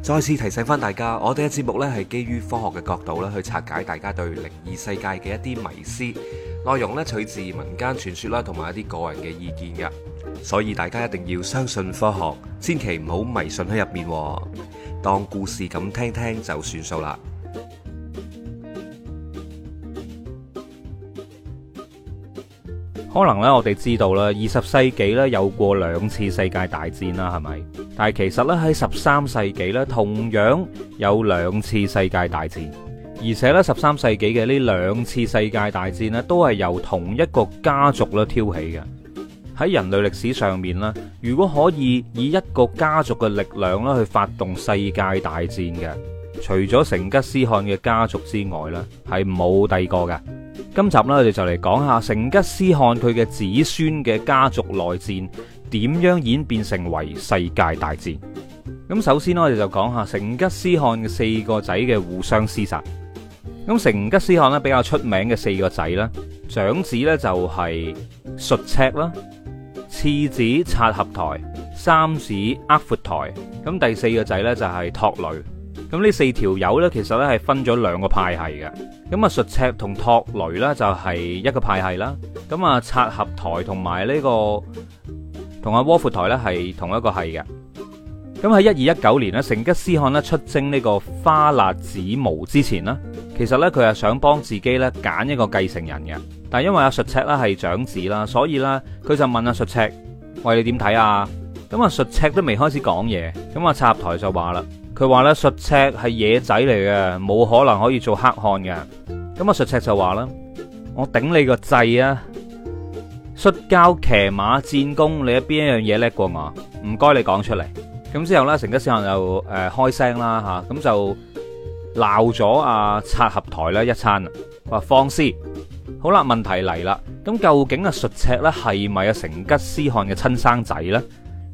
再次提醒翻大家，我哋嘅節目呢係基於科學嘅角度啦，去拆解大家對靈異世界嘅一啲迷思。內容呢取自民間傳說啦，同埋一啲個人嘅意見嘅，所以大家一定要相信科學，千祈唔好迷信喺入面，當故事咁聽聽就算數啦。可能呢，我哋知道啦，二十世紀呢有過兩次世界大戰啦，係咪？但係其實咧，喺十三世紀咧同樣有兩次世界大戰，而且咧，十三世紀嘅呢兩次世界大戰咧都係由同一個家族咧挑起嘅。喺人類歷史上面咧，如果可以以一個家族嘅力量咧去發動世界大戰嘅，除咗成吉思汗嘅家族之外咧，係冇第二個嘅。今集咧我哋就嚟講下成吉思汗佢嘅子孫嘅家族內戰，點樣演變成為世界大戰？咁首先我哋就講下成吉思汗嘅四個仔嘅互相廝殺。咁成吉思汗咧比較出名嘅四個仔咧，長子咧就係術赤啦，次子察合台，三子窩闊台，咁第四個仔咧就係托雷。咁呢四條友咧，其實咧係分咗兩個派系嘅。咁啊術赤同托雷咧就係一個派系啦。咁啊察合台同埋呢個。同阿窩闊台咧係同一個系嘅。咁喺一二一九年咧，成吉思汗咧出征呢個花剌子模之前呢，其實呢，佢係想幫自己呢揀一個繼承人嘅，但係因為阿術赤咧係長子啦，所以呢，佢就問阿術赤，喂，你點睇啊？咁阿術赤都未開始講嘢，咁阿察合台就話啦，佢話呢，術赤係野仔嚟嘅，冇可能可以做黑漢嘅，咁阿術赤就話啦，我頂你個掣啊！摔跤、騎馬、戰功，你有邊一樣嘢叻過我？唔該，你講出嚟。咁之後呢，成吉思汗就誒，開聲啦嚇，咁就鬧咗阿察合台呢一餐，話放肆好啦。問題嚟啦，咁究竟阿術赤呢係咪阿成吉思汗嘅親生仔呢？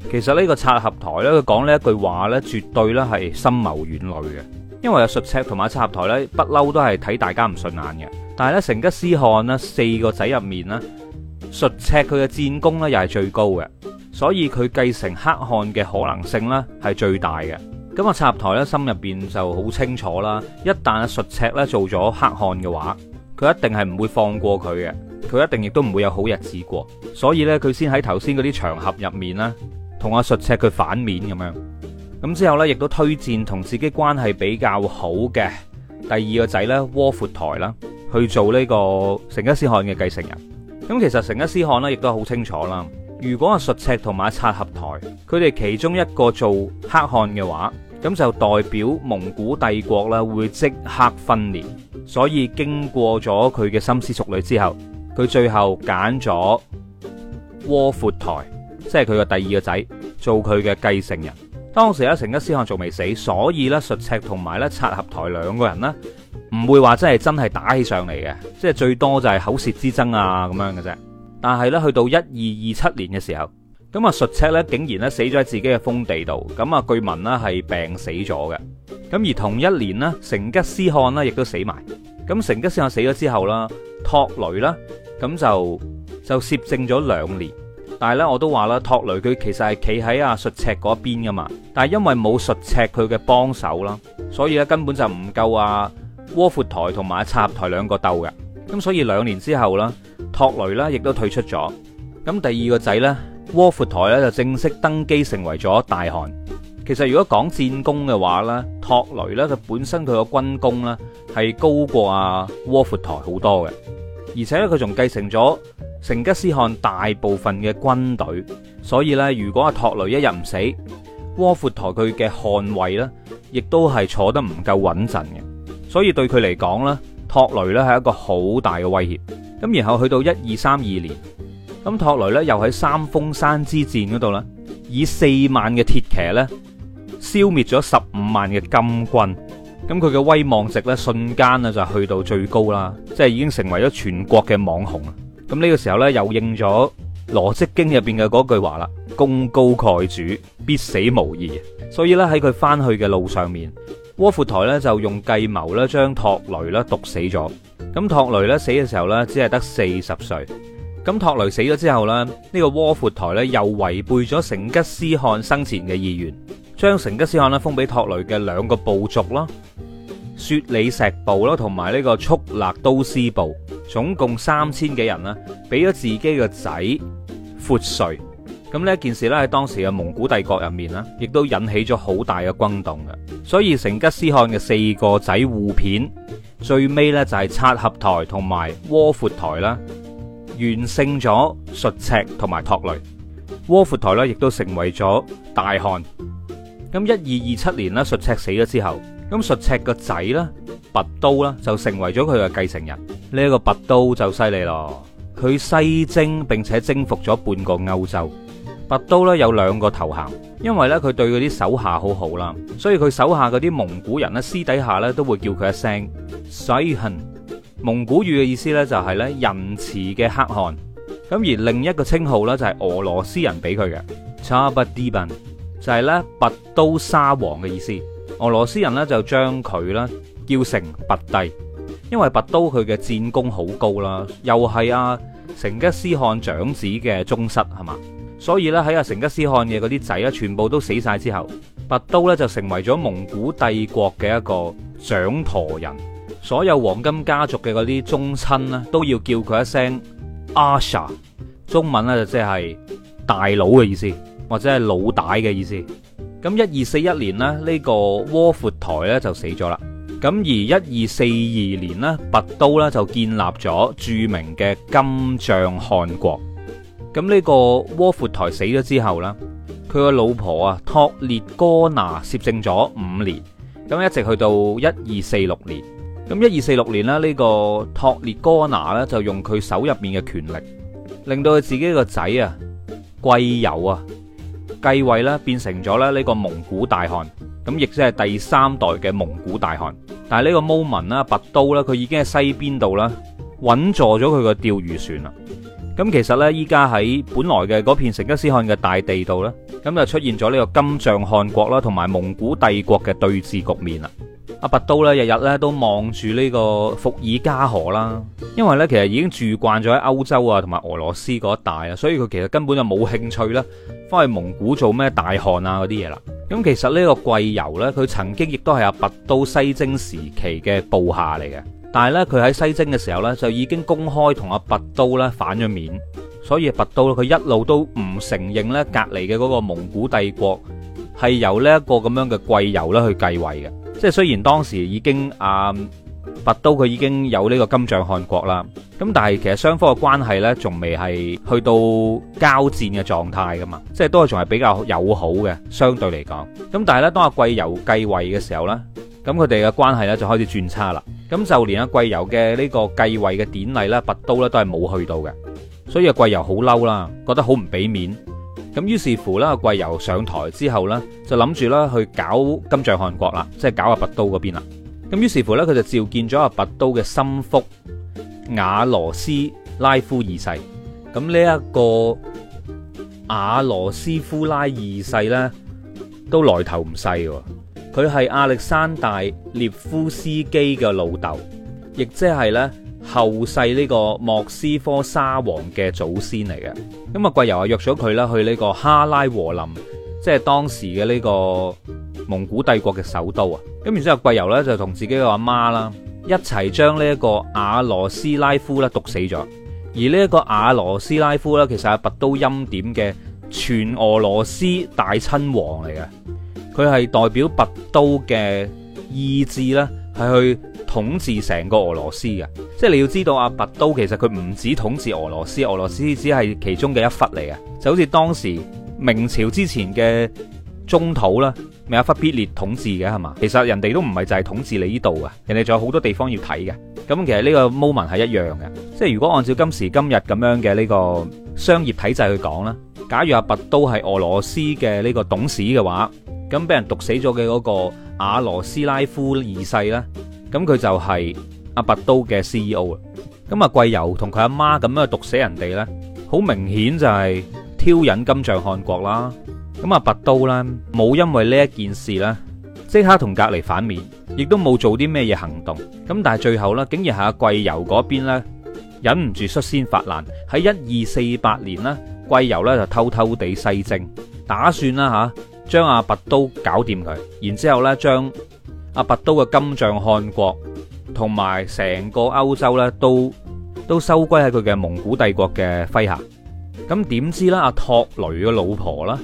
其實呢個察合台呢，佢講呢一句話呢，絕對呢係深謀遠慮嘅，因為阿術赤同埋察合台呢，不嬲都係睇大家唔順眼嘅。但係呢，成吉思汗呢，四個仔入面呢。術赤佢嘅戰功咧，又係最高嘅，所以佢繼承黑漢嘅可能性咧係最大嘅。咁阿插合台咧心入邊就好清楚啦，一旦術赤咧做咗黑漢嘅話，佢一定係唔會放過佢嘅，佢一定亦都唔會有好日子過。所以呢，佢先喺頭先嗰啲場合入面啦，同阿術赤佢反面咁樣。咁之後呢，亦都推薦同自己關係比較好嘅第二個仔咧窩闊台啦，去做呢個成吉思汗嘅繼承人。咁其實成吉思汗呢，亦都好清楚啦。如果阿術赤同埋阿察合台，佢哋其中一個做黑汗嘅話，咁就代表蒙古帝國咧會即刻分裂。所以經過咗佢嘅深思熟慮之後，佢最後揀咗窩闊台，即係佢嘅第二個仔做佢嘅繼承人。當時咧成吉思汗仲未死，所以咧術赤同埋咧察合台兩個人呢。唔會話真係真係打起上嚟嘅，即係最多就係口舌之爭啊咁樣嘅啫。但係呢，去到一二二七年嘅時候，咁啊，術赤呢竟然呢死咗喺自己嘅封地度，咁啊據聞呢係病死咗嘅。咁而同一年呢，成吉思汗呢亦都死埋。咁成吉思汗死咗之後啦，托雷啦，咁就就攝政咗兩年。但係呢，我都話啦，托雷佢其實係企喺阿術赤嗰邊噶嘛，但係因為冇術赤佢嘅幫手啦，所以咧根本就唔夠阿、啊。窩闊台同埋插台兩個鬥嘅，咁所以兩年之後呢，托雷呢亦都退出咗。咁第二個仔呢，窩闊台呢就正式登基，成為咗大汗。其實如果講戰功嘅話呢，托雷呢佢本身佢個軍功呢係高過阿窩闊台好多嘅，而且呢，佢仲繼承咗成吉思汗大部分嘅軍隊，所以呢，如果阿、啊、托雷一日唔死，窩闊台佢嘅汗位呢亦都係坐得唔夠穩陣嘅。所以對佢嚟講咧，托雷咧係一個好大嘅威脅。咁然後去到一二三二年，咁托雷咧又喺三峰山之戰嗰度咧，以四萬嘅鐵騎咧，消滅咗十五萬嘅金軍。咁佢嘅威望值咧，瞬間啊就去到最高啦，即係已經成為咗全國嘅網紅。咁、這、呢個時候咧，又應咗《羅織經》入邊嘅嗰句話啦，功高蓋主，必死無疑。所以咧喺佢翻去嘅路上面。窩闊台咧就用計謀咧將托雷咧毒死咗，咁托雷咧死嘅時候咧只係得四十歲，咁托雷死咗之後咧呢，呢個窩闊台咧又違背咗成吉思汗生前嘅意願，將成吉思汗咧封俾托雷嘅兩個部族啦，雪里石部啦同埋呢個速勒都斯部，總共三千幾人啦，俾咗自己個仔闊瑞，咁呢件事咧喺當時嘅蒙古帝國入面咧，亦都引起咗好大嘅轟動嘅。所以成吉思汗嘅四個仔互片，最尾呢就係察合台同埋窩闊台啦，完勝咗朮赤同埋托雷。窩闊台咧亦都成為咗大汗。咁一二二七年啦，朮赤死咗之後，咁朮赤個仔咧拔都啦就成為咗佢嘅繼承人。呢、這、一個拔都就犀利咯，佢西征並且征服咗半個歐洲。拔刀咧有兩個頭銜，因為咧佢對嗰啲手下好好啦，所以佢手下嗰啲蒙古人咧私底下咧都會叫佢一聲洗恨，蒙古語嘅意思咧就係咧仁慈嘅黑汗。咁而另一個稱號咧就係俄羅斯人俾佢嘅，差不啲笨，就係、是、咧拔刀沙皇嘅意思。俄羅斯人咧就將佢咧叫成拔帝，因為拔刀佢嘅戰功好高啦，又係啊成吉思汗長子嘅宗室係嘛？所以咧喺阿成吉思汗嘅嗰啲仔咧，全部都死晒。之後，拔都咧就成為咗蒙古帝國嘅一個掌舵人。所有黃金家族嘅嗰啲宗親呢，都要叫佢一聲「阿 Sa」。中文咧就即係大佬嘅意思，或者係老大嘅意思。咁一二四一年呢，呢個窩闊台咧就死咗啦。咁而一二四二年呢，拔都咧就建立咗著名嘅金帳汗國。咁呢個窩闊台死咗之後呢，佢個老婆啊托列哥納攝政咗五年，咁一直去到一二四六年。咁一二四六年呢，呢、這個托列哥納呢就用佢手入面嘅權力，令到佢自己個仔啊貴由啊繼位啦，變成咗啦呢個蒙古大汗，咁亦即係第三代嘅蒙古大汗。但係呢個蒙文啦、拔都啦，佢已經喺西邊度啦，穩坐咗佢個釣魚船啦。咁其實呢，依家喺本來嘅嗰片成吉思汗嘅大地度呢，咁就出現咗呢個金帳汗國啦，同埋蒙古帝國嘅對峙局面啦。阿拔都呢，日日呢都望住呢個伏爾加河啦，因為呢其實已經住慣咗喺歐洲啊同埋俄羅斯嗰一帶啊，所以佢其實根本就冇興趣啦，翻去蒙古做咩大汗啊嗰啲嘢啦。咁其實呢個貴由呢，佢曾經亦都係阿拔都西征時期嘅部下嚟嘅。但係咧，佢喺西征嘅時候呢，就已經公開同阿拔都咧反咗面，所以拔都佢一路都唔承認呢隔離嘅嗰個蒙古帝國係由呢一個咁樣嘅貴由咧去繼位嘅，即係雖然當時已經啊。拔都佢已經有呢個金帳汗國啦，咁但係其實雙方嘅關係咧仲未係去到交戰嘅狀態噶嘛，即係都係仲係比較友好嘅，相對嚟講。咁但係咧，當阿貴由繼位嘅時候咧，咁佢哋嘅關係咧就開始轉差啦。咁就連阿貴由嘅呢個繼位嘅典禮咧，拔都咧都係冇去到嘅，所以阿貴由好嬲啦，覺得好唔俾面。咁於是乎咧，阿貴由上台之後咧，就諗住咧去搞金帳汗國啦，即係搞阿拔都嗰邊啦。咁於是乎咧，佢就召見咗阿拔都嘅心腹瓦羅斯拉夫二世。咁呢一個瓦羅斯夫拉二世咧，都來頭唔細，佢係亞歷山大列夫斯基嘅老豆，亦即係咧後世呢個莫斯科沙皇嘅祖先嚟嘅。咁啊，貴由啊約咗佢啦去呢個哈拉和林，即係當時嘅呢個。蒙古帝國嘅首都啊，咁然之後，貴由咧，就同自己嘅阿媽啦一齊將呢一個阿羅斯拉夫咧毒死咗。而呢一個阿羅斯拉夫咧，其實係拔都欽點嘅全俄羅斯大親王嚟嘅，佢係代表拔都嘅意志咧，係去統治成個俄羅斯嘅。即係你要知道，阿拔都其實佢唔止統治俄羅斯，俄羅斯只係其中嘅一忽嚟嘅，就好似當時明朝之前嘅中土啦。咪有忽必烈統治嘅係嘛？其實人哋都唔係就係統治你呢度啊。人哋仲有好多地方要睇嘅。咁其實呢個 moment 係一樣嘅，即係如果按照今時今日咁樣嘅呢個商業體制去講啦，假如阿拔都係俄羅斯嘅呢個董事嘅話，咁俾人毒死咗嘅嗰個雅羅斯拉夫二世啦，咁佢就係阿拔都嘅 CEO 啦。咁啊貴由同佢阿媽咁樣毒死人哋咧，好明顯就係挑釁金帳汗國啦。咁啊，拔刀啦，冇因為呢一件事啦，即刻同隔籬反面，亦都冇做啲咩嘢行動。咁但係最後啦，竟然係阿貴由嗰邊呢，忍唔住率先發難。喺一二四八年咧，貴由呢就偷偷地西征，打算啦吓將阿拔刀搞掂佢，然之後咧將阿拔刀嘅金帳汗國同埋成個歐洲呢都都收歸喺佢嘅蒙古帝國嘅麾下。咁點知呢？阿托雷嘅老婆呢，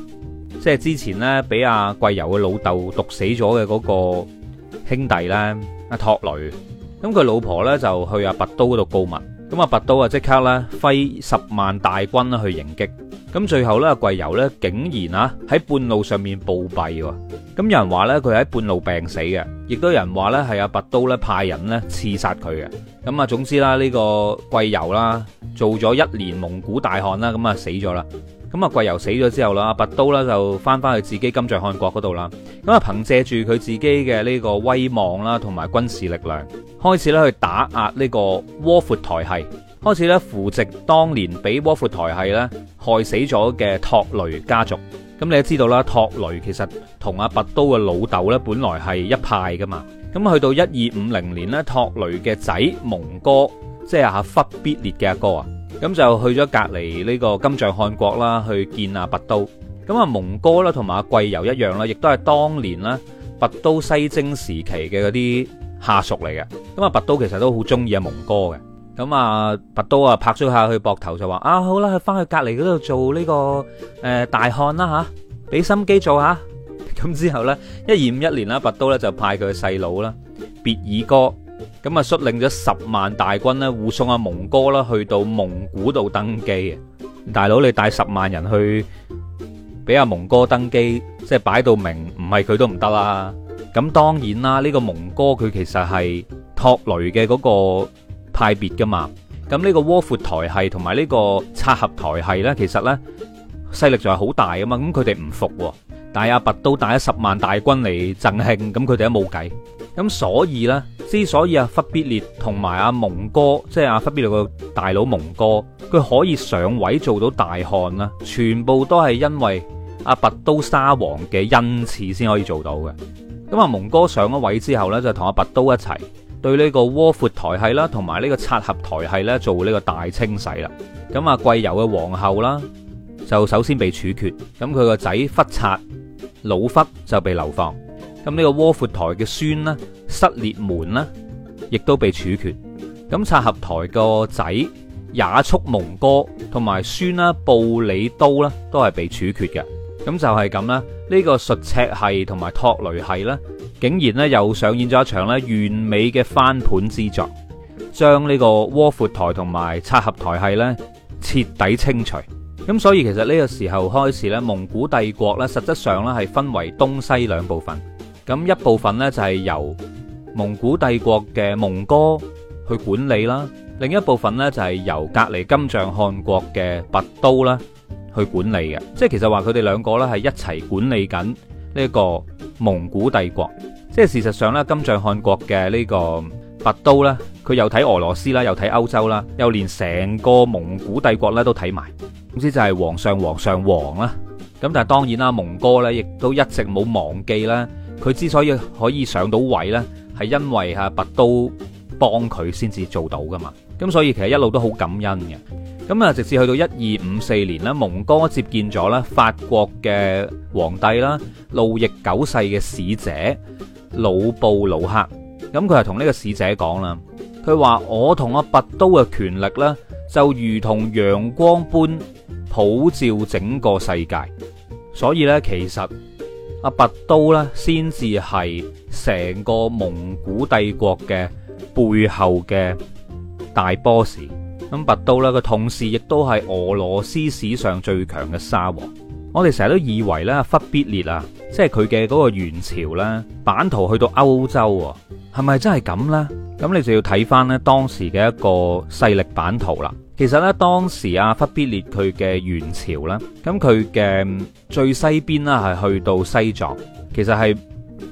即係之前咧，俾阿貴由嘅老豆毒死咗嘅嗰個兄弟呢，阿托雷。咁佢老婆呢，就去阿拔都嗰度告密。咁阿拔都啊，即刻呢，揮十萬大軍去迎擊。咁最後呢，貴由咧竟然啊喺半路上面暴斃。咁有人話呢，佢喺半路病死嘅，亦都有人話呢，係阿拔都咧派人咧刺殺佢嘅。咁啊，總之啦，呢個貴由啦，做咗一年蒙古大汗啦，咁啊死咗啦。咁啊，貴由死咗之後啦，阿拔都啦就翻翻去自己金帳汗國嗰度啦。咁啊，憑借住佢自己嘅呢個威望啦，同埋軍事力量，開始咧去打壓呢個窩闊台系，開始咧扶植當年俾窩闊台系咧害死咗嘅托雷家族。咁你都知道啦，托雷其實同阿拔都嘅老豆咧，本來係一派噶嘛。咁去到一二五零年咧，托雷嘅仔蒙哥，即係阿忽必烈嘅阿哥啊。咁就去咗隔離呢個金帳汗國啦，去見阿、啊、拔都。咁啊，蒙哥啦，同埋阿貴由一樣啦，亦都係當年啦拔都西征時期嘅嗰啲下屬嚟嘅。咁啊，拔都其實都好中意阿蒙哥嘅。咁啊，拔都啊拍咗下去膊頭就話：啊，好啦，去翻去隔離嗰度做呢、這個誒、呃、大汗啦吓，俾心機做嚇、啊。咁之後呢，一二五一年啦，拔都咧就派佢嘅細佬啦別爾哥。咁啊，就率領咗十萬大軍咧護送阿蒙哥啦去到蒙古度登基啊。大佬你帶十萬人去俾阿蒙哥登基，即係擺到明唔係佢都唔得啦。咁當然啦，呢、呢個蒙哥佢其實係托雷嘅嗰個派別噶嘛。咁呢個窩闊台係同埋呢個察合台係咧，其實咧勢力就係好大噶嘛。咁佢哋唔服、啊，但係阿拔都帶咗十萬大軍嚟贈慶，咁佢哋都冇計。咁所以呢，之所以阿忽必烈同埋阿蒙哥，即係阿忽必烈個大佬蒙哥，佢可以上位做到大汗啦，全部都係因為阿拔都沙皇嘅恩賜先可以做到嘅。咁阿蒙哥上咗位之後呢，就同阿拔都一齊對呢個窩闊台系啦，同埋呢個察合台系呢，做呢個大清洗啦。咁阿貴由嘅皇后啦，就首先被處決，咁佢個仔忽察老忽就被流放。咁呢個窩闊台嘅孫咧，失列門咧，亦都被處決。咁察合台個仔也速蒙哥同埋孫啦，布里都啦，都係被處決嘅。咁就係咁啦。呢個術赤系同埋托雷系咧，竟然咧又上演咗一場咧完美嘅翻盤之作，將呢個窩闊台同埋察合台系咧徹底清除。咁所以其實呢個時候開始咧，蒙古帝國咧，實質上咧係分為東西兩部分。咁一部分呢，就係由蒙古帝國嘅蒙哥去管理啦，另一部分呢，就係由隔籬金帳汗國嘅拔都啦去管理嘅。即係其實話佢哋兩個呢係一齊管理緊呢一個蒙古帝國。即係事實上呢，金帳汗國嘅呢個拔都呢，佢又睇俄羅斯啦，又睇歐洲啦，又連成個蒙古帝國呢都睇埋。總之就係皇上皇上皇啦。咁但係當然啦，蒙哥呢亦都一直冇忘記啦。佢之所以可以上到位呢，係因為阿拔都幫佢先至做到噶嘛。咁所以其實一路都好感恩嘅。咁啊，直至去到一二五四年呢，蒙哥接見咗咧法國嘅皇帝啦，路易九世嘅使者魯布魯克。咁佢係同呢個使者講啦，佢話我同阿拔都嘅權力呢，就如同陽光般普照整個世界。所以呢，其實。阿拔都咧，先至係成個蒙古帝國嘅背後嘅大 boss。咁拔都咧，佢同時亦都係俄羅斯史上最強嘅沙皇。我哋成日都以為咧忽必烈啊，即係佢嘅嗰個元朝咧版圖去到歐洲，係咪真係咁咧？咁你就要睇翻咧當時嘅一個勢力版圖啦。其實咧，當時阿忽必烈佢嘅元朝咧，咁佢嘅最西邊呢係去到西藏，其實係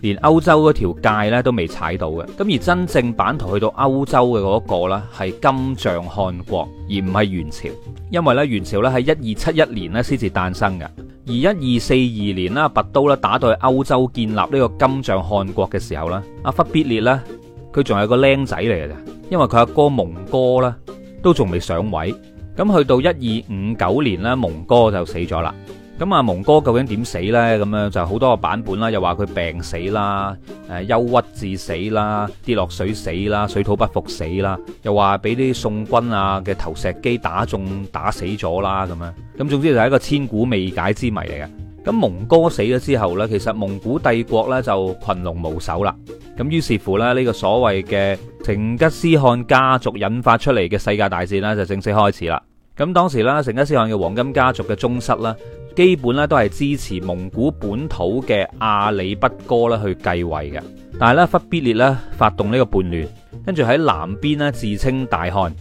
連歐洲嗰條界咧都未踩到嘅。咁而真正版圖去到歐洲嘅嗰個呢，係金帳汗國，而唔係元朝。因為呢元朝呢喺一二七一年咧先至誕生嘅，而一二四二年呢，拔都啦打到去歐洲建立呢個金帳汗國嘅時候呢，阿忽必烈呢，佢仲係個僆仔嚟嘅啫，因為佢阿哥蒙哥啦。都仲未上位，咁去到一二五九年呢，蒙哥就死咗啦。咁啊，蒙哥究竟點死呢？咁樣就好多個版本啦，又話佢病死啦，誒憂鬱致死啦，跌落水死啦，水土不服死啦，又話俾啲宋軍啊嘅投石機打中打死咗啦，咁樣。咁總之就係一個千古未解之謎嚟嘅。咁蒙哥死咗之後呢，其實蒙古帝國呢就群龍無首啦。咁於是乎咧，呢個所謂嘅成吉思汗家族引發出嚟嘅世界大戰呢，就正式開始啦。咁當時呢，成吉思汗嘅黃金家族嘅宗室呢，基本呢都係支持蒙古本土嘅阿里不哥咧去繼位嘅。但係咧，忽必烈呢，發動呢個叛亂，跟住喺南邊呢，自稱大汗。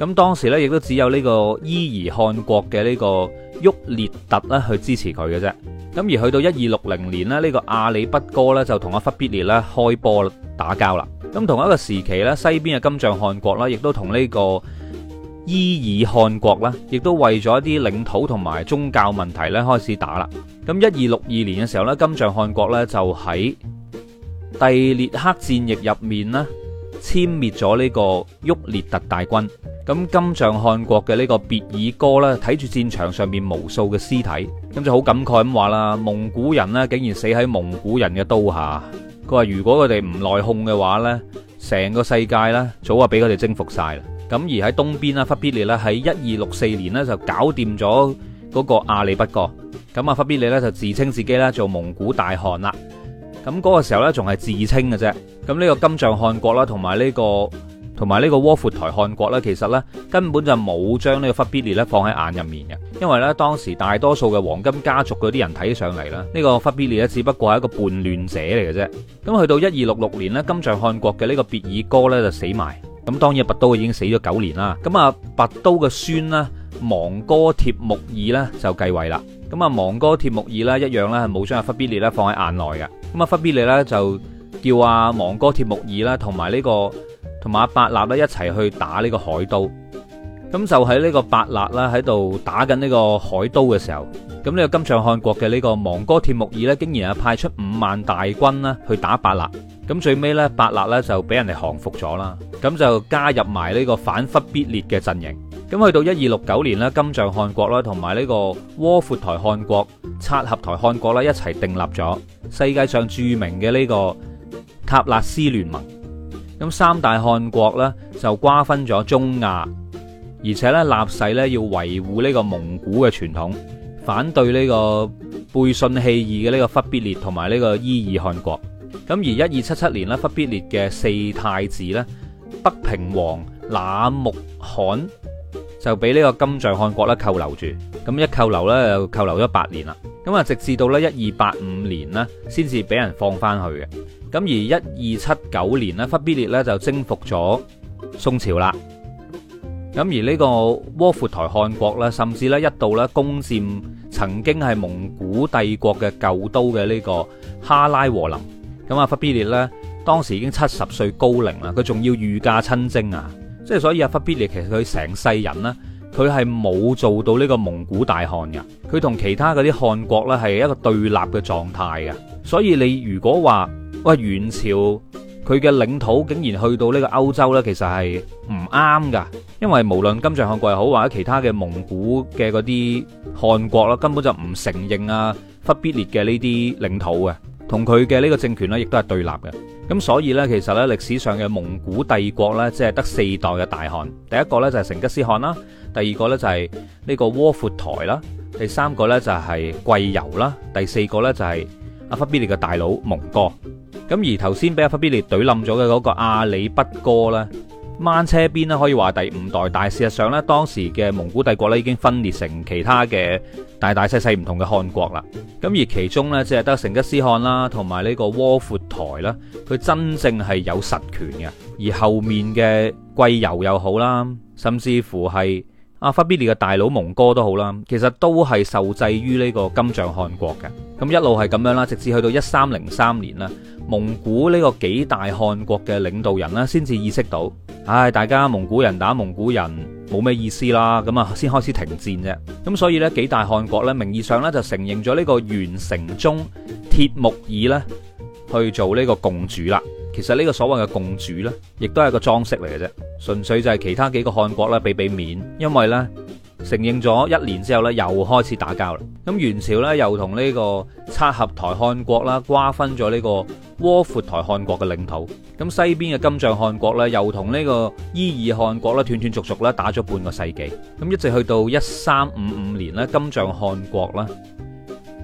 咁當時咧，亦都只有呢個伊兒汗國嘅呢個旭烈兀啦，去支持佢嘅啫。咁而去到一二六零年呢，呢、呢個阿里不哥咧就同阿忽必烈咧開波打交啦。咁同一個時期咧，西邊嘅金帳汗國咧，亦都同呢個伊兒汗國咧，亦都為咗一啲領土同埋宗教問題咧開始打啦。咁一二六二年嘅時候咧，金帳汗國咧就喺第列克戰役入面呢，殲滅咗呢個旭烈兀大軍。咁金帳汗國嘅呢個別爾哥咧，睇住戰場上面無數嘅屍體，咁就好感慨咁話啦：蒙古人咧竟然死喺蒙古人嘅刀下。佢話如果佢哋唔內訌嘅話呢，成個世界呢早就俾佢哋征服晒啦。咁而喺東邊啦，忽必烈咧喺一二六四年呢就搞掂咗嗰個阿里不哥。咁啊忽必烈呢就自稱自己啦做蒙古大汗啦。咁、那、嗰個時候呢，仲係自稱嘅啫。咁呢個金帳汗國啦，同埋呢個。同埋呢個窩闊台汗國呢，其實呢根本就冇將呢個忽必烈呢放喺眼入面嘅，因為呢當時大多數嘅黃金家族嗰啲人睇上嚟呢，呢、呢個忽必烈呢只不過係一個叛亂者嚟嘅啫。咁去到一二六六年呢，金帳汗國嘅呢個別爾哥呢就死埋咁，當然拔都已經死咗九年啦。咁啊，拔都嘅孫呢，忙哥帖木兒呢就繼位啦。咁啊，忙哥帖木兒呢一樣咧冇將阿忽必烈呢放喺眼內嘅。咁啊，忽必烈呢，就叫阿忙哥帖木兒啦，同埋呢個。同埋伯剌咧一齊去打呢個海都，咁就喺呢個伯剌啦喺度打緊呢個海都嘅時候，咁呢個金帳汗國嘅呢個忙哥鐵木爾咧，竟然啊派出五萬大軍啦去打伯剌，咁最尾呢，伯剌咧就俾人哋降服咗啦，咁就加入埋呢個反忽必烈嘅陣營，咁去到一二六九年咧，金帳汗國啦，同埋呢個窩闊台汗國、察合台汗國啦一齊定立咗世界上著名嘅呢個塔勒斯聯盟。咁三大汗國咧就瓜分咗中亞，而且咧立誓咧要維護呢個蒙古嘅傳統，反對呢個背信棄義嘅呢個忽必烈同埋呢個伊爾汗國。咁而一二七七年咧，忽必烈嘅四太子咧，北平王那木罕，就俾呢個金帳汗國咧扣留住，咁一扣留咧就扣留咗八年啦。咁啊，直至到咧一二八五年呢，先至俾人放翻去嘅。咁而一二七九年呢，忽必烈咧就征服咗宋朝啦。咁而呢個窩闊台汗國呢，甚至呢一度呢，攻佔曾經係蒙古帝國嘅舊都嘅呢個哈拉和林。咁啊，忽必烈呢，當時已經七十歲高齡啦，佢仲要御駕親征啊！即係所以阿忽必烈其實佢成世人呢，佢係冇做到呢個蒙古大汗㗎。佢同其他嗰啲汗國呢係一個對立嘅狀態㗎。所以你如果話喂元朝佢嘅領土竟然去到呢個歐洲呢，其實係唔啱㗎。因為無論金帳汗國又好，或者其他嘅蒙古嘅嗰啲汗國啦，根本就唔承認啊忽必烈嘅呢啲領土嘅，同佢嘅呢個政權呢，亦都係對立嘅。咁所以呢，其實呢，歷史上嘅蒙古帝國呢，只係得四代嘅大汗。第一個呢，就係成吉思汗啦，第二個呢，就係呢個窩闊台啦，第三個呢，就係貴由啦，第四個呢，就係阿忽必烈嘅大佬蒙哥。咁而頭先俾阿忽必烈懟冧咗嘅嗰個阿里不哥呢，掹車邊啦，可以話第五代，但係事實上咧，當時嘅蒙古帝國咧已經分裂成其他嘅大大細細唔同嘅汗國啦。咁而其中呢，只係得成吉思汗啦，同埋呢個窩闊台啦，佢真正係有實權嘅。而後面嘅貴由又好啦，甚至乎係，阿忽必烈嘅大佬蒙哥都好啦，其實都係受制於呢個金帳汗國嘅，咁一路係咁樣啦，直至去到一三零三年啦，蒙古呢個幾大汗國嘅領導人咧，先至意識到，唉、哎，大家蒙古人打蒙古人冇咩意思啦，咁啊先開始停戰啫，咁所以呢，幾大汗國呢，名義上呢，就承認咗呢個元成宗鐵木爾呢去做呢個共主啦。其實呢個所謂嘅共主呢，亦都係個裝飾嚟嘅啫，純粹就係其他幾個漢國咧俾俾面，因為咧承認咗一年之後呢，又開始打交啦。咁元朝呢，又同呢個察合台漢國啦瓜分咗呢個窩闊台漢國嘅領土。咁西邊嘅金帳漢國呢，又同呢個伊爾漢國咧斷斷續續咧打咗半個世紀。咁一直去到一三五五年呢，金帳漢國啦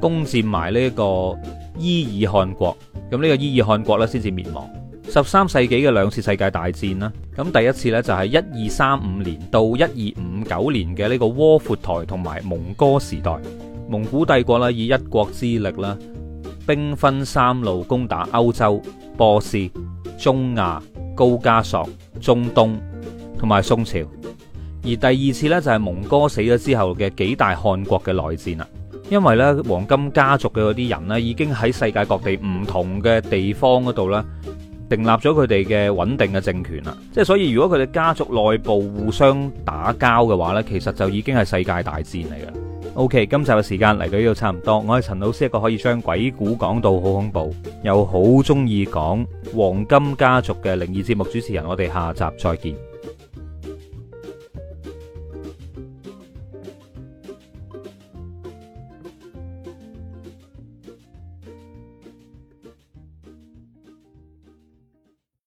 攻佔埋呢一個。伊爾汗國，咁呢個伊爾汗國呢，先至滅亡。十三世紀嘅兩次世界大戰啦，咁第一次呢，就係一二三五年到一二五九年嘅呢個窩闊台同埋蒙哥時代，蒙古帝國呢，以一國之力啦，兵分三路攻打歐洲、波斯、中亞、高加索、中東同埋宋朝。而第二次呢，就係蒙哥死咗之後嘅幾大汗國嘅內戰啦。因為咧，黃金家族嘅嗰啲人咧，已經喺世界各地唔同嘅地方嗰度咧，訂立咗佢哋嘅穩定嘅政權啦。即係所以，如果佢哋家族內部互相打交嘅話呢，其實就已經係世界大戰嚟嘅。O.K. 今集嘅時間嚟到呢度差唔多。我係陳老師一個可以將鬼故講到好恐怖，又好中意講黃金家族嘅靈異節目主持人。我哋下集再見。